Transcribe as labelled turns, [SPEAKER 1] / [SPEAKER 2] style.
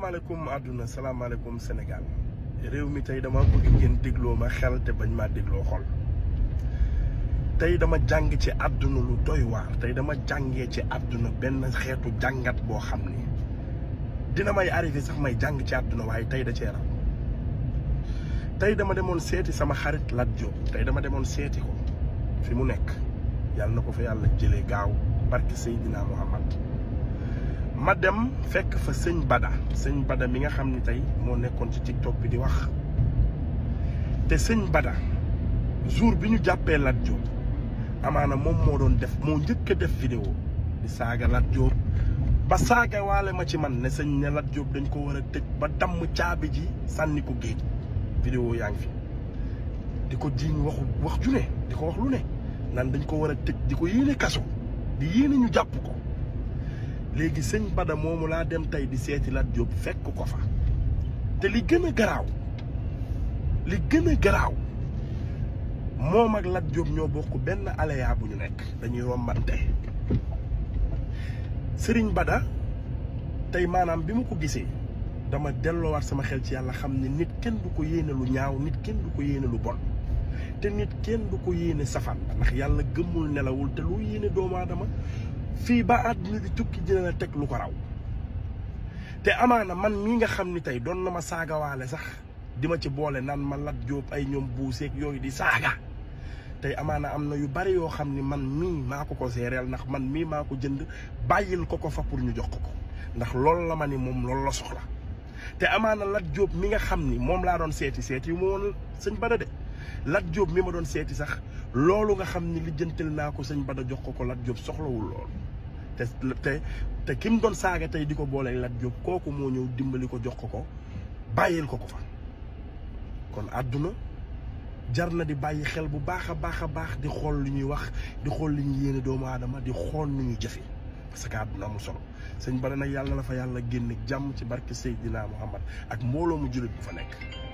[SPEAKER 1] salaamaaleykum àdduna salaamaaleykum Sénégal réew mi tey dama bëgg ngeen dégloo ma xel te bañ maa dégloo xol tey dama jàng ci àdduna lu doy waar tey dama jànge ci àdduna benn xeetu jàngat boo xam ni dina may arrivé sax may jàng ci àdduna waaye tey da cee tey dama demoon seeti sama xarit Lat Diop tey dama demoon seeti ko fi mu nekk yàlla na ko fa yàlla jëlee gaaw barke Seydina Muhammad ma dem fekk fa sëñ Bada sëñ Bada mi nga xam ni tey moo nekkoon ci TikTok bi di wax te sëñ Bada jour bi ñu jàppee Lat Diop amaana moom moo doon def moo njëkk a def vidéo di saaga Lat Diop ba saaga waale ma ci man ne sëñ ne Lat dañ ko war a tëj ba damm caabi ji sànni ko géej vidéo yaa ngi fi di ko jiiñ waxu wax ju ne di ko wax lu ne nan dañ ko war a tëj di ko yéene kaso di yéene ñu jàpp ko léegi sëñ Bada moomu laa dem tey di seeti Lat Diop fekk ko fa te li gën a garaaw li gën a garaaw moom ak Lat Diop ñoo bokk benn aleya bu ñu nekk dañuy rombante sëriñ Bada tey maanaam bi mu ko gisee dama delloowaat sama xel ci yàlla xam ne nit kenn du ko yéene lu ñaaw nit kenn du ko yéene lu bon te nit kenn du ko yéene safan ndax yàlla gëmmul nelawul te lu yéene doomu aadama fii ba àddina di tukki dina la teg lu ko raw te amaana man mii nga xam ni tey doon na ma saagawaale sax di ma ci boole nan ma lat jóob ay ñoom buuseeg yooyu di saaga tey amaana am na yu bari yoo xam ni man mii maa ko ko seereel ndax man mii maa ko jënd bàyyil ko ko fa pour ñu jox ko ko ndax loolu la ma ni moom loolu la soxla te amaana lat jóob mi nga xam ni moom laa doon seeti seeti yu ma woon sëñ de Lat Diop mi ma doon seeti sax loolu nga xam ni lijjantil naa ko sëñ Bada jox ko ko Lat Diop soxlawul loolu te te te ki doon saaga tey di ko boolee Lat Diop kooku moo ñëw dimbali ko jox ko ko bàyyil ko ko fa kon àdduna jar na di bàyyi xel bu baax a baax a baax di xool lu ñuy wax di xool li ñu yéene doomu aadama di xool nu ñuy jëfe parce que àdduna amul solo sëñ Bada nag yàlla na fa yàlla génn jàmm ci barke Seydina Muhammad ak mbooloo mu jullit bu fa nekk